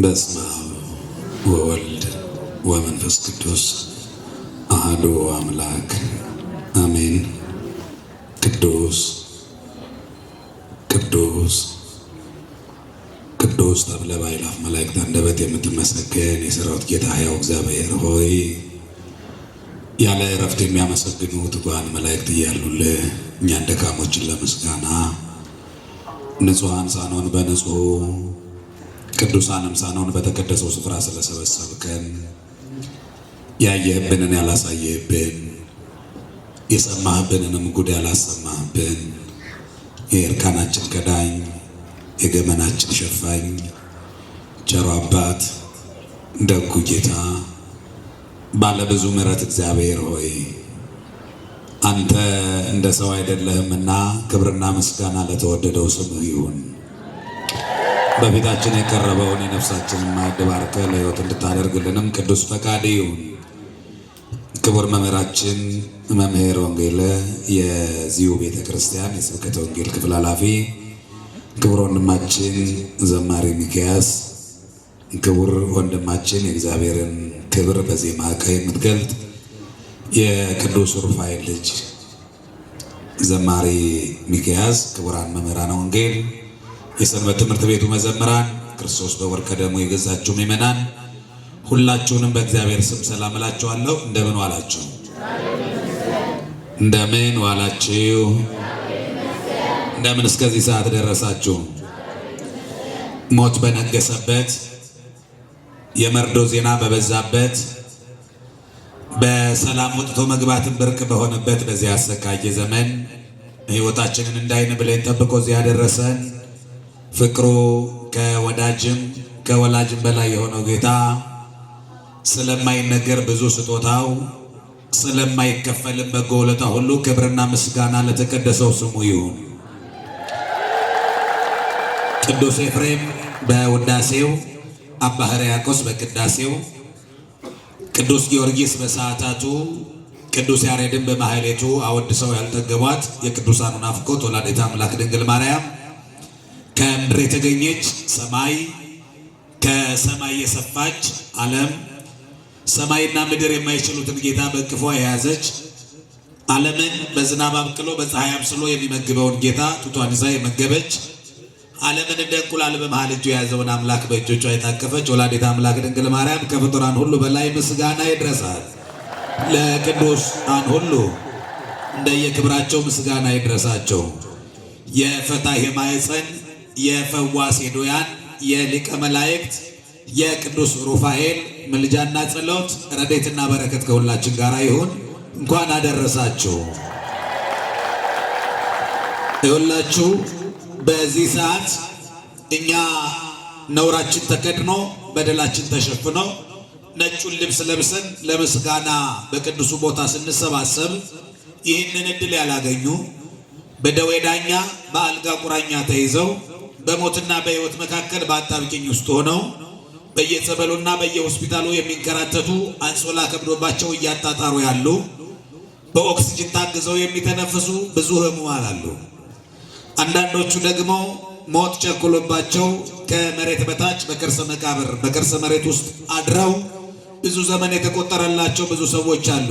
በስመ አብ ወወልድ ወመንፈስ ቅዱስ አህዶ አምላክ አሜን። ቅዱስ ቅዱስ ቅዱስ ተብለህ በአእላፍ መላእክት አንደበት የምትመሰገን የሰራዊት ጌታ ሕያው እግዚአብሔር ሆይ ያለ እረፍት የሚያመሰግኑ ትጉሃን መላእክት እያሉልህ እኛን ደካሞችን ለምስጋና ንጹሐን ሳንሆን በንጹሕ ቅዱሳን አምሳናውን በተቀደሰው ስፍራ ስለሰበሰብከን ያየህብንን ያላሳየህብን የሰማህብንንም ጉድ ያላሰማህብን የእርካናችን ከዳኝ የገመናችን ሸፋኝ ቸሮ አባት ደጉ ጌታ ባለብዙ ምሕረት እግዚአብሔር ሆይ አንተ እንደ ሰው አይደለህምና ክብርና ምስጋና ለተወደደው ስምህ ይሁን። በፊታችን የቀረበውን የነፍሳችንን ማዕድ ባርከህ ለሕይወት እንድታደርግልንም ቅዱስ ፈቃድ ይሁን። ክቡር መምህራችን መምህር ወንጌለ የዚሁ ቤተ ክርስቲያን የስብከተ ወንጌል ክፍል ኃላፊ፣ ክቡር ወንድማችን ዘማሪ ሚኪያስ፣ ክቡር ወንድማችን የእግዚአብሔርን ክብር በዚህ ማዕከል የምትገልጥ የቅዱስ ሩፋኤል ልጅ ዘማሪ ሚኪያስ፣ ክቡራን መምህራን ወንጌል የሰንበት ትምህርት ቤቱ መዘምራን፣ ክርስቶስ በወርከ ደሙ የገዛችሁ ምእመናን ሁላችሁንም በእግዚአብሔር ስም ሰላም እላችኋለሁ። እንደምን ዋላችሁ? እንደምን ዋላችሁ? እንደምን እስከዚህ ሰዓት ደረሳችሁ? ሞት በነገሰበት የመርዶ ዜና በበዛበት በሰላም ወጥቶ መግባትን ብርቅ በሆነበት በዚህ አሰቃየ ዘመን ሕይወታችንን እንዳይን ብለን ጠብቆ እዚያ ያደረሰን ፍቅሩ ከወዳጅም ከወላጅም በላይ የሆነው ጌታ ስለማይነገር ብዙ ስጦታው ስለማይከፈልም በጎ ውለታ ሁሉ ክብርና ምስጋና ለተቀደሰው ስሙ ይሁን። ቅዱስ ኤፍሬም በውዳሴው አባ ሕርያቆስ በቅዳሴው ቅዱስ ጊዮርጊስ በሰዓታቱ ቅዱስ ያሬድን በማሕሌቱ አወድሰው ያልጠገቧት የቅዱሳኑ ናፍቆት ወላዲተ አምላክ ድንግል ማርያም ከምድር የተገኘች ሰማይ ከሰማይ የሰፋች ዓለም ሰማይና ምድር የማይችሉትን ጌታ በቅፏ የያዘች ዓለምን በዝናብ አብቅሎ በፀሐይ አብስሎ የሚመግበውን ጌታ ጡቷን ይዛ የመገበች ዓለምን እንደ እንቁላል በመሃል እጁ የያዘውን አምላክ በእጆቿ የታቀፈች ወላዲተ አምላክ ድንግል ማርያም ከፍጡራን ሁሉ በላይ ምስጋና ይድረሳል። ለቅዱሳን ሁሉ እንደየክብራቸው ምስጋና ይድረሳቸው። የፈታ የማኅፀን የፈዋሴ ዶያን የሊቀ መላእክት የቅዱስ ሩፋኤል ምልጃና ጸሎት ረዴትና በረከት ከሁላችን ጋር ይሁን። እንኳን አደረሳችሁ። ይሁላችሁ በዚህ ሰዓት እኛ ነውራችን ተከድኖ በደላችን ተሸፍኖ ነጩን ልብስ ለብሰን ለምስጋና በቅዱሱ ቦታ ስንሰባሰብ ይህንን እድል ያላገኙ በደዌ ዳኛ በአልጋ ቁራኛ ተይዘው በሞትና በሕይወት መካከል በአጣብቂኝ ውስጥ ሆነው በየጸበሉና በየሆስፒታሉ የሚንከራተቱ አንሶላ ከብዶባቸው እያጣጣሩ ያሉ በኦክስጅን ታግዘው የሚተነፍሱ ብዙ ህሙማን አሉ። አንዳንዶቹ ደግሞ ሞት ቸኩሎባቸው ከመሬት በታች በከርሰ መቃብር በከርሰ መሬት ውስጥ አድረው ብዙ ዘመን የተቆጠረላቸው ብዙ ሰዎች አሉ።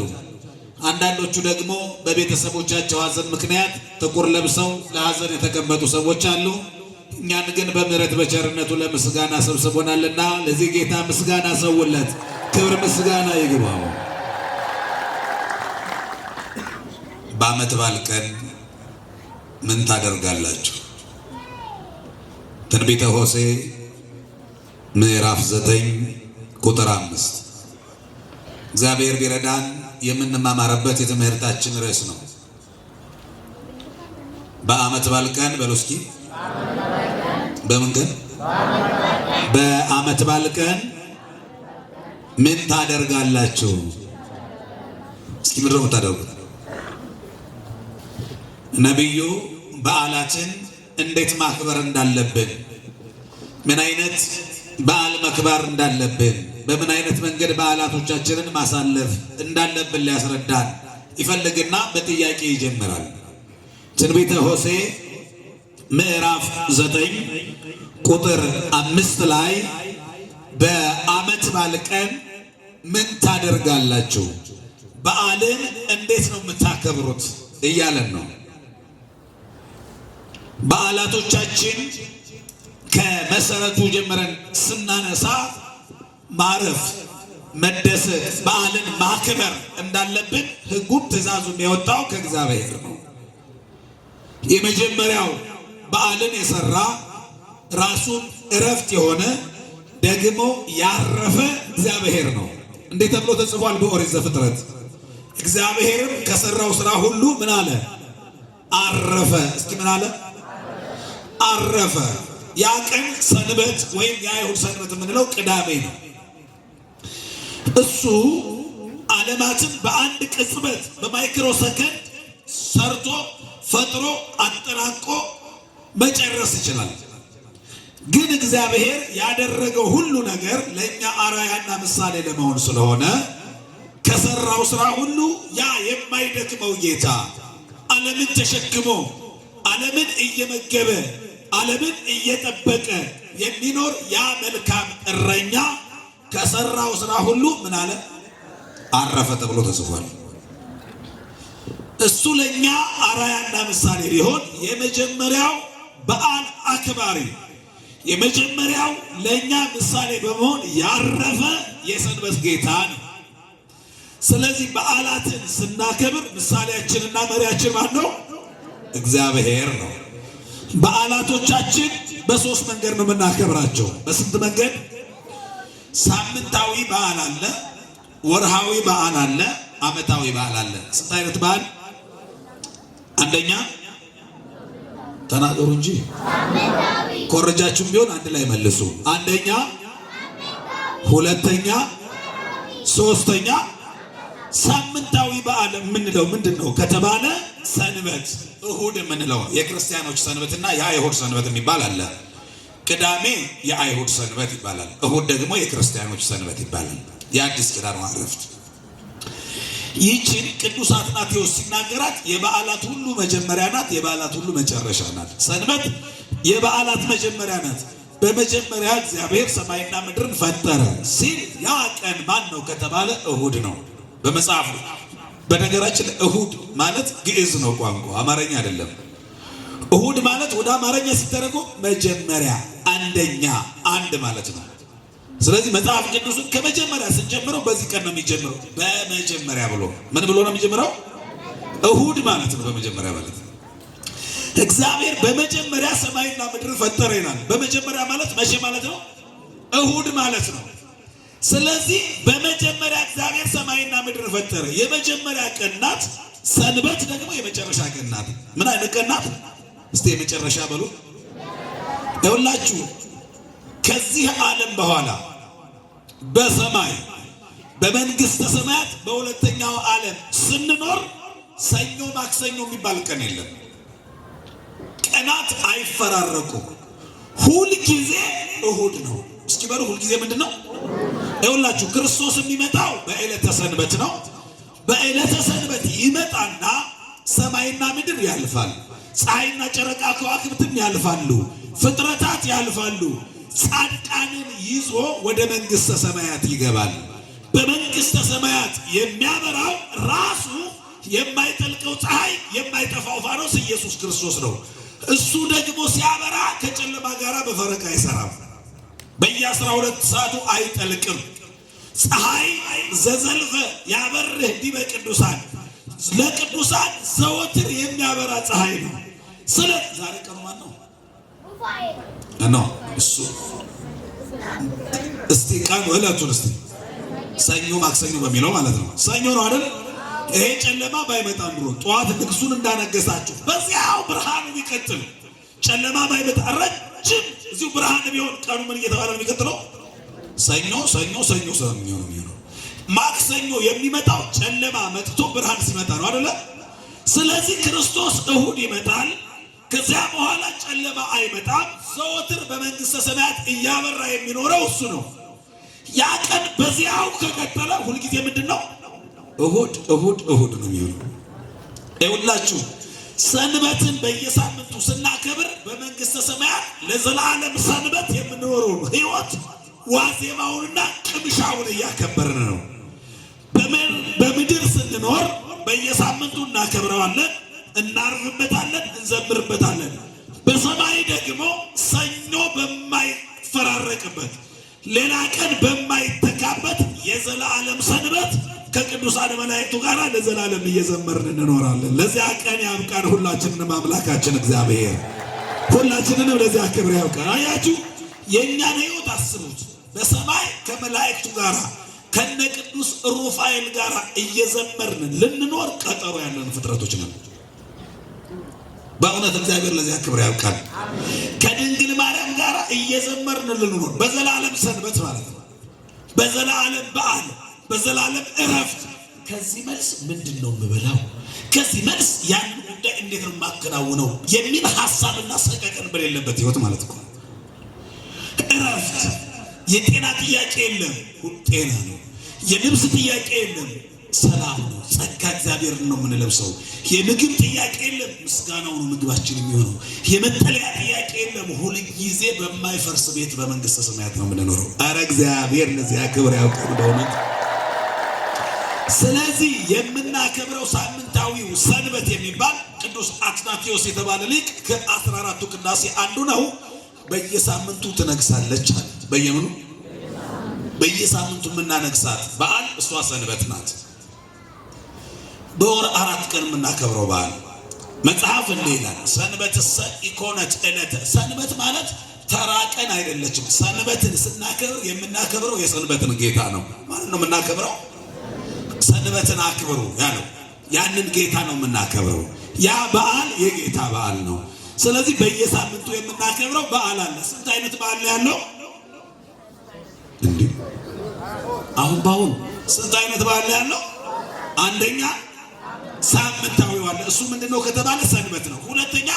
አንዳንዶቹ ደግሞ በቤተሰቦቻቸው ሀዘን ምክንያት ጥቁር ለብሰው ለሀዘን የተቀመጡ ሰዎች አሉ። እኛን ግን በምሕረት በቸርነቱ ለምስጋና ሰብስቦናልና ለዚህ ጌታ ምስጋና ሰውለት። ክብር ምስጋና ይግባው። በዓመት በዓል ቀን ምን ታደርጋላችሁ? ትንቢተ ሆሴ ምዕራፍ ዘጠኝ ቁጥር አምስት እግዚአብሔር ቢረዳን የምንማማርበት የትምህርታችን ርዕስ ነው። በዓመት በዓል ቀን በሎስኪ በምን ቀን? በዓመት በዓል ቀን ምን ታደርጋላችሁ? እስኪ ምድረ የምታደርጉት ነቢዩ እንዴት ማክበር እንዳለብን ምን አይነት በዓል መክበር እንዳለብን በምን አይነት መንገድ በዓላቶቻችንን ማሳለፍ እንዳለብን ሊያስረዳን ይፈልግና በጥያቄ ይጀምራል። ትንቢተ ሆሴዕ ምዕራፍ ዘጠኝ ቁጥር አምስት ላይ በዓመት በዓል ቀን ምን ታደርጋላችሁ? በዓልን እንዴት ነው የምታከብሩት? እያለን ነው። በዓላቶቻችን ከመሰረቱ ጀምረን ስናነሳ ማረፍ፣ መደሰት፣ በዓልን ማክበር እንዳለብን ህጉም ትእዛዙም የወጣው ከእግዚአብሔር ነው። የመጀመሪያው በዓልን የሰራ ራሱን እረፍት የሆነ ደግሞ ያረፈ እግዚአብሔር ነው። እንዴት ተብሎ ተጽፏል? በኦሪት ዘፍጥረት እግዚአብሔርም ከሰራው ስራ ሁሉ ምን አለ? አረፈ። እስኪ ምን አለ? አረፈ። ያ ቀን ሰንበት ወይም የአይሁድ ሰንበት የምንለው ቅዳሜ ነው። እሱ ዓለማትን በአንድ ቅጽበት በማይክሮ ሰከንድ ሰርቶ ፈጥሮ አጠናቆ መጨረስ ይችላል። ግን እግዚአብሔር ያደረገው ሁሉ ነገር ለእኛ አራያና ምሳሌ ለመሆን ስለሆነ ከሰራው ስራ ሁሉ ያ የማይደክመው ጌታ ዓለምን ተሸክሞ ዓለምን እየመገበ ዓለምን እየጠበቀ የሚኖር ያ መልካም እረኛ ከሰራው ስራ ሁሉ ምን አለ አረፈ ተብሎ ተጽፏል። እሱ ለእኛ አራያና ምሳሌ ቢሆን የመጀመሪያው በዓል አክባሪ የመጀመሪያው ለእኛ ምሳሌ በመሆን ያረፈ የሰንበት ጌታ ነው። ስለዚህ በዓላትን ስናከብር ምሳሌያችንና መሪያችን ማን ነው? እግዚአብሔር ነው። በዓላቶቻችን በሶስት መንገድ ነው የምናከብራቸው። በስንት መንገድ? ሳምንታዊ በዓል አለ፣ ወርሃዊ በዓል አለ፣ ዓመታዊ በዓል አለ። ስንት አይነት በዓል? አንደኛ ተናገሩ እንጂ ኮረጃችሁም ቢሆን አንድ ላይ መልሱ። አንደኛ፣ ሁለተኛ፣ ሶስተኛ ሳምንታዊ በዓል የምንለው ምንድን ነው ከተባለ ሰንበት እሁድ የምንለው የክርስቲያኖች ሰንበትና የአይሁድ ሰንበት የሚባል አለ። ቅዳሜ የአይሁድ ሰንበት ይባላል። እሁድ ደግሞ የክርስቲያኖች ሰንበት ይባላል። የአዲስ ኪዳን ማረፍት ይህችን ቅዱስ አትናቴዎስ ሲናገራት የበዓላት ሁሉ መጀመሪያ ናት፣ የበዓላት ሁሉ መጨረሻ ናት። ሰንበት የበዓላት መጀመሪያ ናት። በመጀመሪያ እግዚአብሔር ሰማይና ምድርን ፈጠረ ሲል ያ ቀን ማን ነው ከተባለ እሁድ ነው በመጽሐፍ በነገራችን እሁድ ማለት ግዕዝ ነው፣ ቋንቋ አማርኛ አይደለም። እሁድ ማለት ወደ አማርኛ ሲደረጉ መጀመሪያ፣ አንደኛ፣ አንድ ማለት ነው። ስለዚህ መጽሐፍ ቅዱስን ከመጀመሪያ ስንጀምረው በዚህ ቀን ነው የሚጀምረው። በመጀመሪያ ብሎ ምን ብሎ ነው የሚጀምረው? እሁድ ማለት ነው። በመጀመሪያ ማለት እግዚአብሔር በመጀመሪያ ሰማይና ምድር ፈጠረ ይላል። በመጀመሪያ ማለት መቼ ማለት ነው? እሁድ ማለት ነው። ስለዚህ በመጀመሪያ እግዚአብሔር ሰማይና ምድር ፈጠረ። የመጀመሪያ ቀን ናት። ሰንበት ደግሞ የመጨረሻ ቀን ናት። ምን አይነት ቀን ናት? እስቲ የመጨረሻ በሉ ሁላችሁ ከዚህ ዓለም በኋላ በሰማይ በመንግስተ ሰማያት በሁለተኛው ዓለም ስንኖር ሰኞ ማክሰኞ የሚባል ቀን የለም። ቀናት አይፈራረቁም። ሁልጊዜ እሁድ ነው። እስኪ በሉ ሁልጊዜ ምንድን ነው? ይኸውላችሁ ክርስቶስ የሚመጣው በዕለተ ሰንበት ነው። በዕለተ ሰንበት ይመጣና ሰማይና ምድር ያልፋል፣ ፀሐይና ጨረቃ ከዋክብትም ያልፋሉ፣ ፍጥረታት ያልፋሉ ጻድቃንን ይዞ ወደ መንግሥተ ሰማያት ይገባል። በመንግሥተ ሰማያት የሚያበራው ራሱ የማይጠልቀው ፀሐይ የማይጠፋው ፋኖስ ኢየሱስ ክርስቶስ ነው። እሱ ደግሞ ሲያበራ ከጨለማ ጋር በፈረቅ አይሰራም። በየአስራ ሁለት ሰዓቱ አይጠልቅም። ፀሐይ ዘዘልፈ ያበርህ እንዲህ በቅዱሳን ለቅዱሳን ዘወትር የሚያበራ ፀሐይ ነው። ስለ ዛሬ ቀን ማን ነው? ነው እሱ። እስቲ ቀኑ እለቱን እስቲ ሰኞ ማክሰኞ በሚለው ማለት ነው። ሰኞ ነው አይደል? ይሄ ጨለማ ባይመጣ ኑሮ ጠዋት ንግሱን እንዳነገሳችሁ በዚያው ብርሃን የሚቀጥል ጨለማ ባይመጣ ረጅም እዚሁ ብርሃን ቢሆን ቀኑ ምን እየተባለ የሚቀጥለው? ሰኞ ሰኞ ሰኞ ሰኞ ነው የሚሆነው። ማክሰኞ የሚመጣው ጨለማ መጥቶ ብርሃን ሲመጣ ነው አይደለ? ስለዚህ ክርስቶስ እሁድ ይመጣል። ከዚያ በኋላ ጨለማ አይመጣም። ዘወትር በመንግሥተ ሰማያት እያበራ የሚኖረው እሱ ነው። ያ ቀን በዚያው ከቀጠለ ሁልጊዜ ምንድን ነው? እሁድ እሁድ እሁድ ነው የሚሆነው። ይሁላችሁ ሰንበትን በየሳምንቱ ስናከብር በመንግሥተ ሰማያት ለዘላለም ሰንበት የምንኖረው ሕይወት ዋዜማውንና ቅምሻውን እያከበርን ነው። በምድር ስንኖር በየሳምንቱ እናከብረዋለን። እናርምበታለን፣ እንዘምርበታለን። በሰማይ ደግሞ ሰኞ በማይፈራረቅበት ሌላ ቀን በማይተካበት የዘላለም ሰንበት ከቅዱሳን መላእክቱ ጋር ለዘላለም እየዘመርን እንኖራለን። ለዚያ ቀን ያብቃን ሁላችንንም አምላካችን እግዚአብሔር ሁላችንንም ለዚያ ክብር ያብቃን። አያችሁ የእኛን ሕይወት አስቡት። በሰማይ ከመላእክቱ ጋር ከነ ቅዱስ ሩፋኤል ጋር እየዘመርን ልንኖር ቀጠሮ ያለን ፍጥረቶች ነን። በእውነት እግዚአብሔር ለዚያ ክብር ያብቃል። ከድንግል ማርያም ጋር እየዘመርን ልንኖር በዘላለም ሰንበት ማለት ነው። በዘላለም በዓል፣ በዘላለም እረፍት። ከዚህ መልስ ምንድን ነው የምበላው? ከዚህ መልስ ያን ጉዳይ እንዴት ነው የማከናውነው የሚል ሀሳብና ሰቀቀን በሌለበት ህይወት ማለት ነው። እረፍት የጤና ጥያቄ የለም፣ ጤና ነው። የልብስ ጥያቄ የለም ሰላም ነው። ጸጋ እግዚአብሔር ነው የምንለብሰው። የምግብ ጥያቄ የለም፣ ምስጋናው ነው ምግባችን የሚሆነው። የመጠለያ ጥያቄ የለም፣ ሁል ጊዜ በማይፈርስ ቤት በመንግስተ ሰማያት ነው የምንኖረው። አረ እግዚአብሔር ለዚያ ክብር ያውቀ እንደሆነት። ስለዚህ የምናከብረው ሳምንታዊው ሰንበት የሚባል ቅዱስ አትናቴዎስ የተባለ ሊቅ ከአስራ አራቱ ቅዳሴ አንዱ ነው። በየሳምንቱ ትነግሳለች አለ። በየምኑ በየሳምንቱ የምናነግሳት በዓል እሷ ሰንበት ናት። በወር አራት ቀን የምናከብረው በዓል መጽሐፍ እንዲህ ይላል፣ ሰንበትሰ ኢኮነት ዕለተ ሰንበት ማለት ተራ ቀን አይደለችም። ሰንበትን ስናከብር የምናከብረው የሰንበትን ጌታ ነው። ማን ነው የምናከብረው? ሰንበትን አክብሩ ያለው ያንን ጌታ ነው የምናከብረው። ያ በዓል የጌታ በዓል ነው። ስለዚህ በየሳምንቱ የምናከብረው በዓል አለ። ስንት አይነት በዓል ነው ያለው? እንዲህ አሁን በአሁን ስንት አይነት በዓል ነው ያለው? አንደኛ ሳምንታዊዋለ እሱ ምንድነው ከተባለ ሰንበት ነው። ሁለተኛ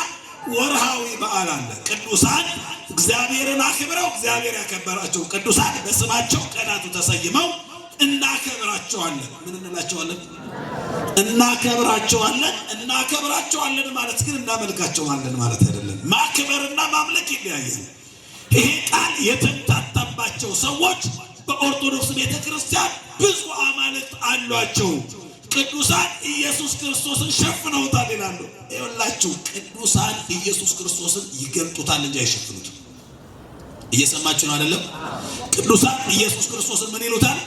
ወርሃዊ በዓል አለ። ቅዱሳን እግዚአብሔርን አክብረው እግዚአብሔር ያከበራቸው ቅዱሳን በስማቸው ቀናቱ ተሰይመው እናከብራቸዋለን። ምን እንላቸዋለን? እናከብራቸዋለን። እናከብራቸዋለን ማለት ግን እናመልካቸዋለን ማለት አይደለም። ማክበርና ማምለክ ይለያያል። ይሄ ቃል የተምታታባቸው ሰዎች በኦርቶዶክስ ቤተክርስቲያን ብዙ አማልክት አሏቸው። ቅዱሳን ኢየሱስ ክርስቶስን ሸፍነውታል ይላሉ። ይኸውላችሁ ቅዱሳን ኢየሱስ ክርስቶስን ይገልጡታል እንጂ አይሸፍኑትም። እየሰማችሁ ነው አይደለም? ቅዱሳን ኢየሱስ ክርስቶስን ምን ይሉታል?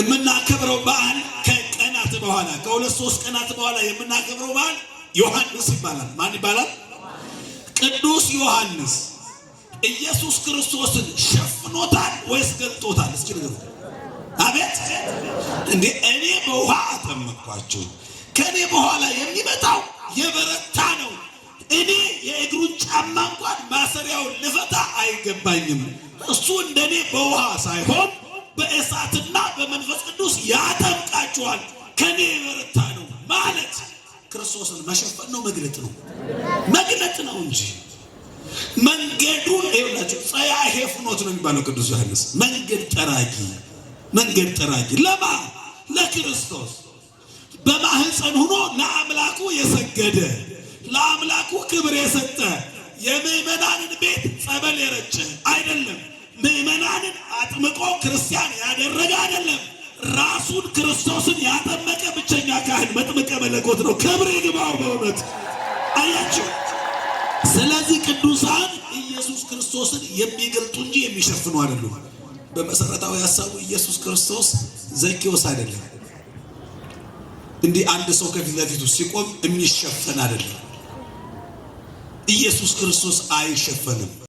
የምናከብረው በዓል ከቀናት በኋላ ከሁለት ሶስት ቀናት በኋላ የምናከብረው በዓል ዮሐንስ ይባላል። ማን ይባላል? ቅዱስ ዮሐንስ ኢየሱስ ክርስቶስን ሸፍኖታል ወይስ ገልጦታል? እስኪ ንገሩ። አቤት እኔ በውሃ አጠመቅኳችሁ፣ ከእኔ በኋላ የሚመጣው የበረታ ነው። እኔ የእግሩን ጫማ እንኳን ማሰሪያውን ልፈታ አይገባኝም። እሱ እንደኔ በውሃ ሳይሆን በእሳትና በመንፈስ ቅዱስ ያጠምቃችኋል። ከእኔ የበረታ ነው ማለት ክርስቶስን መሸፈን ነው፣ መግለጥ ነው፣ መግለጥ ነው እንጂ መንገዱን ይላቸው ጸያሄ ፍኖት ነው የሚባለው ቅዱስ ዮሐንስ መንገድ ጠራጊ መንገድ ጠራጊ ለማ ለክርስቶስ በማህፀን ሆኖ ለአምላኩ የሰገደ ለአምላኩ ክብር የሰጠ የምዕመናንን ቤት ጸበል የረጨ አይደለም። ምዕመናንን አጥምቆ ክርስቲያን ያደረገ አይደለም። ራሱን ክርስቶስን ያጠመቀ ብቸኛ ካህን መጥምቀ መለኮት ነው። ክብር ይግባው በእውነት አያቸው። ስለዚህ ቅዱሳን ኢየሱስ ክርስቶስን የሚገልጡ እንጂ የሚሸፍኑ አይደሉም። በመሰረታዊ ሀሳቡ ኢየሱስ ክርስቶስ ዘኬዎስ አይደለም። እንዲህ አንድ ሰው ከፊት ለፊቱ ሲቆም የሚሸፈን አይደለም። ኢየሱስ ክርስቶስ አይሸፈንም።